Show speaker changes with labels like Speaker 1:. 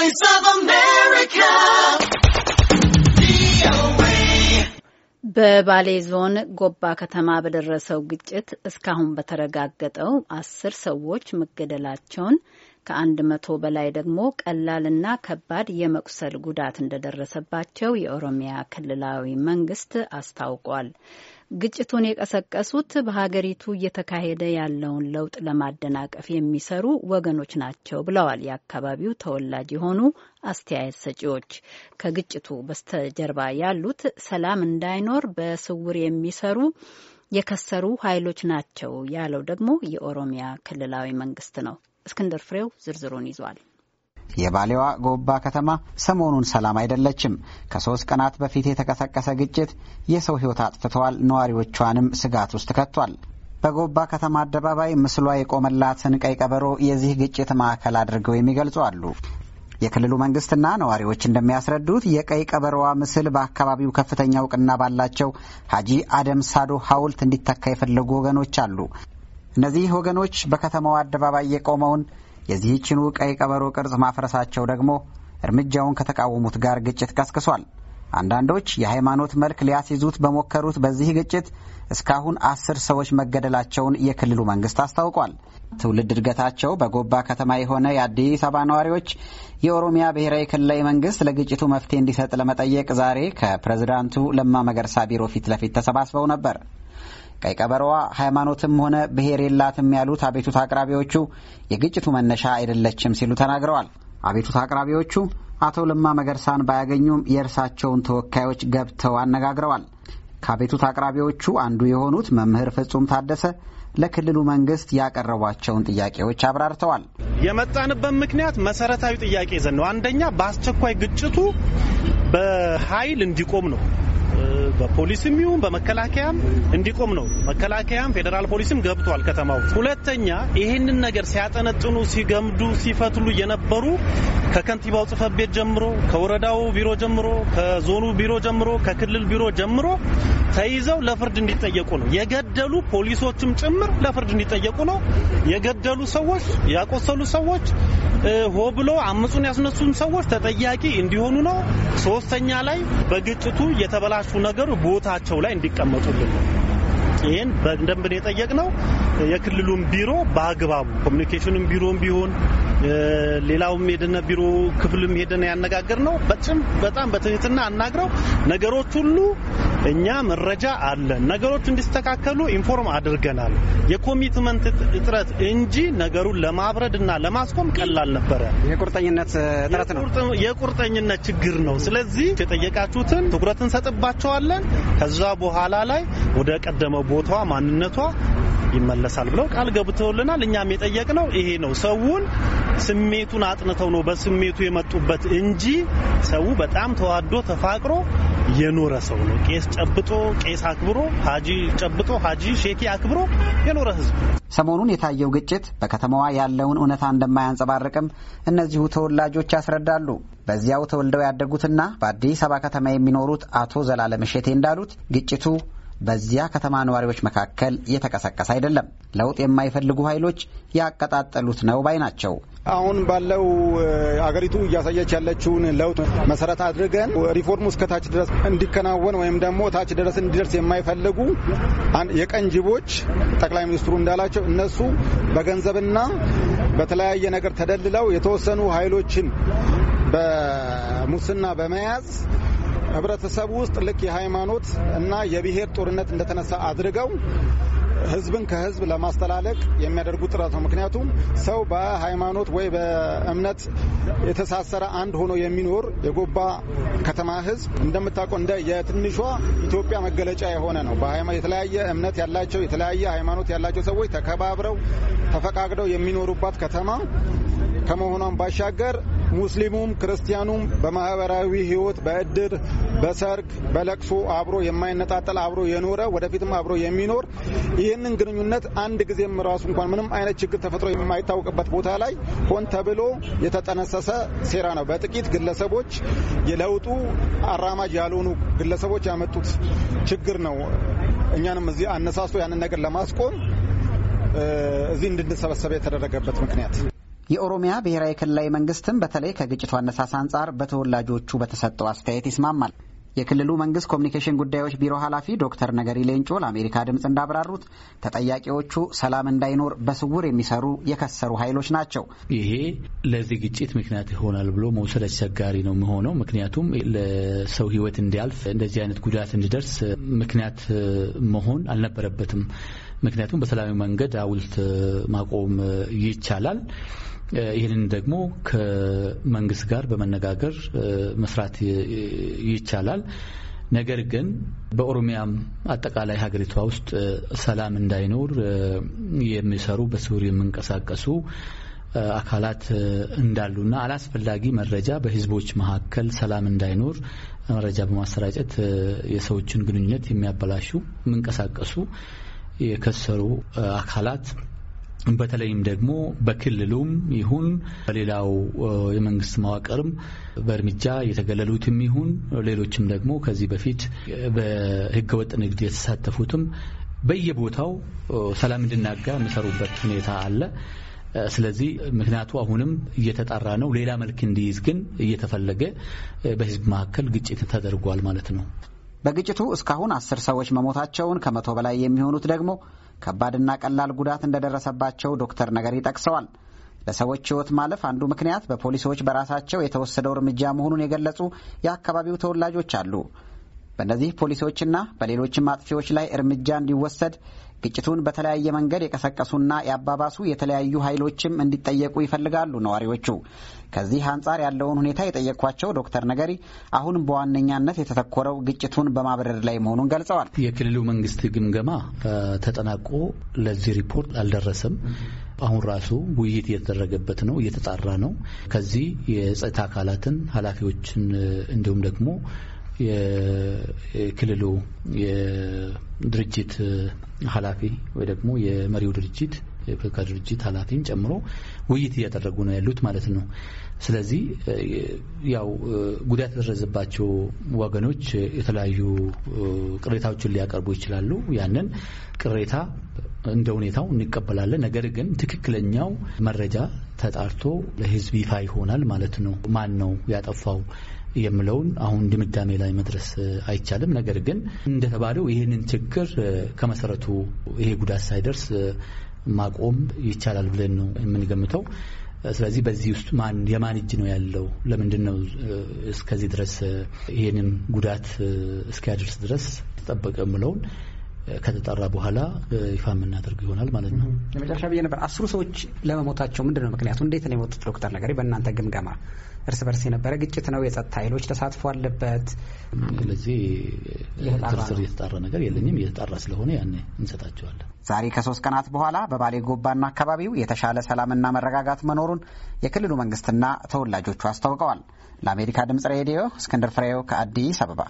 Speaker 1: Voice of America.
Speaker 2: በባሌ ዞን ጎባ ከተማ በደረሰው ግጭት እስካሁን በተረጋገጠው አስር ሰዎች መገደላቸውን ከአንድ መቶ በላይ ደግሞ ቀላልና ከባድ የመቁሰል ጉዳት እንደደረሰባቸው የኦሮሚያ ክልላዊ መንግስት አስታውቋል። ግጭቱን የቀሰቀሱት በሀገሪቱ እየተካሄደ ያለውን ለውጥ ለማደናቀፍ የሚሰሩ ወገኖች ናቸው ብለዋል የአካባቢው ተወላጅ የሆኑ አስተያየት ሰጪዎች። ከግጭቱ በስተጀርባ ያሉት ሰላም እንዳይኖር በስውር የሚሰሩ የከሰሩ ኃይሎች ናቸው ያለው ደግሞ የኦሮሚያ ክልላዊ መንግስት ነው። እስክንድር ፍሬው ዝርዝሩን ይዟል። የባሌዋ ጎባ ከተማ ሰሞኑን ሰላም አይደለችም። ከሶስት ቀናት በፊት የተቀሰቀሰ ግጭት የሰው ሕይወት አጥፍተዋል፣ ነዋሪዎቿንም ስጋት ውስጥ ከቷል። በጎባ ከተማ አደባባይ ምስሏ የቆመላትን ቀይ ቀበሮ የዚህ ግጭት ማዕከል አድርገው የሚገልጹ አሉ። የክልሉ መንግስትና ነዋሪዎች እንደሚያስረዱት የቀይ ቀበሮዋ ምስል በአካባቢው ከፍተኛ እውቅና ባላቸው ሀጂ አደም ሳዶ ሐውልት እንዲተካ የፈለጉ ወገኖች አሉ። እነዚህ ወገኖች በከተማው አደባባይ የቆመውን የዚህችኑ ቀይ ቀበሮ ቅርጽ ማፍረሳቸው ደግሞ እርምጃውን ከተቃወሙት ጋር ግጭት ቀስቅሷል። አንዳንዶች የሃይማኖት መልክ ሊያስይዙት በሞከሩት በዚህ ግጭት እስካሁን አስር ሰዎች መገደላቸውን የክልሉ መንግስት አስታውቋል። ትውልድ እድገታቸው በጎባ ከተማ የሆነ የአዲስ አበባ ነዋሪዎች የኦሮሚያ ብሔራዊ ክልላዊ መንግስት ለግጭቱ መፍትሄ እንዲሰጥ ለመጠየቅ ዛሬ ከፕሬዝዳንቱ ለማ መገርሳ ቢሮ ፊት ለፊት ተሰባስበው ነበር። ቀይ ቀበሮዋ ሃይማኖትም ሆነ ብሔር የላትም ያሉት አቤቱታ አቅራቢዎቹ የግጭቱ መነሻ አይደለችም ሲሉ ተናግረዋል። አቤቱታ አቅራቢዎቹ አቶ ለማ መገርሳን ባያገኙም የእርሳቸውን ተወካዮች ገብተው አነጋግረዋል። ከአቤቱታ አቅራቢዎቹ አንዱ የሆኑት መምህር ፍጹም ታደሰ ለክልሉ መንግስት ያቀረቧቸውን ጥያቄዎች አብራርተዋል።
Speaker 3: የመጣንበት ምክንያት መሰረታዊ ጥያቄ ይዘን ነው። አንደኛ በአስቸኳይ ግጭቱ በኃይል እንዲቆም ነው። በፖሊስም ይሁን በመከላከያም እንዲቆም ነው። መከላከያም ፌዴራል ፖሊስም ገብቷል ከተማው። ሁለተኛ ይህንን ነገር ሲያጠነጥኑ፣ ሲገምዱ፣ ሲፈትሉ የነበሩ ከከንቲባው ጽፈት ቤት ጀምሮ ከወረዳው ቢሮ ጀምሮ ከዞኑ ቢሮ ጀምሮ ከክልል ቢሮ ጀምሮ ተይዘው ለፍርድ እንዲጠየቁ ነው። የገደሉ ፖሊሶችም ጭምር ለፍርድ እንዲጠየቁ ነው። የገደሉ ሰዎች፣ ያቆሰሉ ሰዎች፣ ሆ ብሎ አመፁን ያስነሱን ሰዎች ተጠያቂ እንዲሆኑ ነው። ሶስተኛ ላይ በግጭቱ የተበላሹ ነገሩ ቦታቸው ላይ እንዲቀመጡልን ነው። ይህን በደንብ ነው የጠየቅነው። የክልሉን ቢሮ በአግባቡ ኮሚኒኬሽንም ቢሮም ቢሆን ሌላውም ሄደን ቢሮ ክፍልም ሄደን ያነጋገር ነው በጭም በጣም በትህትና አናግረው ነገሮች ሁሉ እኛ መረጃ አለን። ነገሮች እንዲስተካከሉ ኢንፎርም አድርገናል። የኮሚትመንት እጥረት እንጂ ነገሩን ለማብረድና ለማስቆም ቀላል ነበረ። የቁርጠኝነት እጥረት ነው፣ የቁርጠኝነት ችግር ነው። ስለዚህ የጠየቃችሁትን ትኩረት እንሰጥባቸዋለን። ከዛ በኋላ ላይ ወደ ቀደመው ቦታዋ ማንነቷ ይመለሳል ብለው ቃል ገብተውልናል። እኛም የጠየቅነው ይሄ ነው። ሰውን ስሜቱን አጥንተው ነው በስሜቱ የመጡበት እንጂ ሰው በጣም ተዋዶ ተፋቅሮ የኖረ ሰው ነው። ቄስ ጨብጦ ቄስ አክብሮ፣ ሀጂ ጨብጦ ሀጂ ሼኪ አክብሮ የኖረ ህዝብ።
Speaker 2: ሰሞኑን የታየው ግጭት በከተማዋ ያለውን እውነታ እንደማያንጸባርቅም እነዚሁ ተወላጆች ያስረዳሉ። በዚያው ተወልደው ያደጉትና በአዲስ አበባ ከተማ የሚኖሩት አቶ ዘላለም እሸቴ እንዳሉት ግጭቱ በዚያ ከተማ ነዋሪዎች መካከል እየተቀሰቀሰ አይደለም። ለውጥ የማይፈልጉ ኃይሎች ያቀጣጠሉት ነው ባይ ናቸው።
Speaker 1: አሁን ባለው አገሪቱ እያሳየች ያለችውን ለውጥ መሰረት አድርገን ሪፎርሙ እስከ ታች ድረስ እንዲከናወን ወይም ደግሞ ታች ድረስ እንዲደርስ የማይፈልጉ የቀን ጅቦች ጠቅላይ ሚኒስትሩ እንዳላቸው እነሱ በገንዘብና በተለያየ ነገር ተደልለው የተወሰኑ ኃይሎችን በሙስና በመያዝ ህብረተሰቡ ውስጥ ልክ የሃይማኖት እና የብሔር ጦርነት እንደተነሳ አድርገው ህዝብን ከህዝብ ለማስተላለቅ የሚያደርጉ ጥረት ነው። ምክንያቱም ሰው በሃይማኖት ወይ በእምነት የተሳሰረ አንድ ሆኖ የሚኖር የጎባ ከተማ ህዝብ እንደምታውቀው እንደ የትንሿ ኢትዮጵያ መገለጫ የሆነ ነው። የተለያየ እምነት ያላቸው የተለያየ ሃይማኖት ያላቸው ሰዎች ተከባብረው ተፈቃቅደው የሚኖሩባት ከተማ ከመሆኗን ባሻገር ሙስሊሙም ክርስቲያኑም በማህበራዊ ህይወት በእድር፣ በሰርግ፣ በለቅሶ አብሮ የማይነጣጠል አብሮ የኖረ ወደፊትም አብሮ የሚኖር ይህንን ግንኙነት አንድ ጊዜም ራሱ እንኳን ምንም አይነት ችግር ተፈጥሮ የማይታወቅበት ቦታ ላይ ሆን ተብሎ የተጠነሰሰ ሴራ ነው። በጥቂት ግለሰቦች የለውጡ አራማጅ ያልሆኑ ግለሰቦች ያመጡት ችግር ነው። እኛንም እዚህ አነሳስቶ ያንን ነገር ለማስቆም እዚህ እንድንሰበሰበ የተደረገበት ምክንያት
Speaker 2: የኦሮሚያ ብሔራዊ ክልላዊ መንግስትም በተለይ ከግጭቱ አነሳስ አንጻር በተወላጆቹ በተሰጠው አስተያየት ይስማማል። የክልሉ መንግስት ኮሚኒኬሽን ጉዳዮች ቢሮ ኃላፊ ዶክተር ነገሪ ሌንጮ ለአሜሪካ ድምፅ እንዳብራሩት ተጠያቂዎቹ ሰላም እንዳይኖር በስውር የሚሰሩ የከሰሩ ኃይሎች ናቸው።
Speaker 4: ይሄ ለዚህ ግጭት ምክንያት ይሆናል ብሎ መውሰድ አስቸጋሪ ነው የሚሆነው። ምክንያቱም ለሰው ሕይወት እንዲያልፍ እንደዚህ አይነት ጉዳት እንዲደርስ ምክንያት መሆን አልነበረበትም። ምክንያቱም በሰላማዊ መንገድ አውልት ማቆም ይቻላል። ይህንን ደግሞ ከመንግስት ጋር በመነጋገር መስራት ይቻላል። ነገር ግን በኦሮሚያም አጠቃላይ ሀገሪቷ ውስጥ ሰላም እንዳይኖር የሚሰሩ በስውር የሚንቀሳቀሱ አካላት እንዳሉና አላስፈላጊ መረጃ በህዝቦች መካከል ሰላም እንዳይኖር መረጃ በማሰራጨት የሰዎችን ግንኙነት የሚያበላሹ የሚንቀሳቀሱ የከሰሩ አካላት በተለይም ደግሞ በክልሉም ይሁን በሌላው የመንግስት መዋቅርም በእርምጃ የተገለሉትም ይሁን ሌሎችም ደግሞ ከዚህ በፊት በህገወጥ ንግድ የተሳተፉትም በየቦታው ሰላም እንድናጋ የሚሰሩበት ሁኔታ አለ። ስለዚህ ምክንያቱ አሁንም እየተጣራ ነው። ሌላ መልክ እንዲይዝ ግን እየተፈለገ በህዝብ መካከል ግጭት ተደርጓል ማለት ነው።
Speaker 2: በግጭቱ እስካሁን አስር ሰዎች መሞታቸውን ከመቶ በላይ የሚሆኑት ደግሞ ከባድና ቀላል ጉዳት እንደደረሰባቸው ዶክተር ነገሪ ጠቅሰዋል። ለሰዎች ሕይወት ማለፍ አንዱ ምክንያት በፖሊሶች በራሳቸው የተወሰደው እርምጃ መሆኑን የገለጹ የአካባቢው ተወላጆች አሉ። በእነዚህ ፖሊሲዎችና በሌሎችም አጥፊዎች ላይ እርምጃ እንዲወሰድ ግጭቱን በተለያየ መንገድ የቀሰቀሱና ያባባሱ የተለያዩ ኃይሎችም እንዲጠየቁ ይፈልጋሉ ነዋሪዎቹ። ከዚህ አንጻር ያለውን ሁኔታ የጠየኳቸው ዶክተር ነገሪ አሁን በዋነኛነት የተተኮረው ግጭቱን በማብረድ ላይ መሆኑን ገልጸዋል።
Speaker 4: የክልሉ መንግስት ግምገማ ተጠናቆ ለዚህ ሪፖርት አልደረሰም። አሁን ራሱ ውይይት እየተደረገበት ነው፣ እየተጣራ ነው። ከዚህ የጸጥታ አካላትን ኃላፊዎችን እንዲሁም ደግሞ የክልሉ የድርጅት ኃላፊ ወይ ደግሞ የመሪው ድርጅት የፖለቲካ ድርጅት ኃላፊን ጨምሮ ውይይት እያደረጉ ነው ያሉት ማለት ነው። ስለዚህ ያው ጉዳት የደረሰባቸው ወገኖች የተለያዩ ቅሬታዎችን ሊያቀርቡ ይችላሉ። ያንን ቅሬታ እንደ ሁኔታው እንቀበላለን። ነገር ግን ትክክለኛው መረጃ ተጣርቶ ለሕዝብ ይፋ ይሆናል ማለት ነው። ማን ነው ያጠፋው? የምለውን አሁን ድምዳሜ ላይ መድረስ አይቻልም። ነገር ግን እንደተባለው ይህንን ችግር ከመሰረቱ ይሄ ጉዳት ሳይደርስ ማቆም ይቻላል ብለን ነው የምንገምተው። ስለዚህ በዚህ ውስጥ ማን የማን እጅ ነው ያለው? ለምንድን ነው እስከዚህ ድረስ ይህንን ጉዳት እስኪያደርስ ድረስ ተጠበቀ የምለውን ከተጠራ በኋላ ይፋ የምናደርግ ይሆናል ማለት ነው።
Speaker 2: የመጨረሻ ብዬ ነበር አስሩ ሰዎች ለመሞታቸው ምንድን ነው ምክንያቱ? እንዴት ነው የሞቱት? ዶክተር ነገሪ በእናንተ ግምገማ እርስ በርስ የነበረ ግጭት ነው? የጸጥታ ኃይሎች ተሳትፎ አለበት? ስለዚህ ዝርዝር የተጣራ ነገር የለኝም። የተጣራ ስለሆነ ያን እንሰጣቸዋለን። ዛሬ ከሶስት ቀናት በኋላ በባሌ ጎባና አካባቢው የተሻለ ሰላምና መረጋጋት መኖሩን የክልሉ መንግስትና ተወላጆቹ አስታውቀዋል። ለአሜሪካ ድምጽ ሬዲዮ እስክንድር ፍሬው ከአዲስ አበባ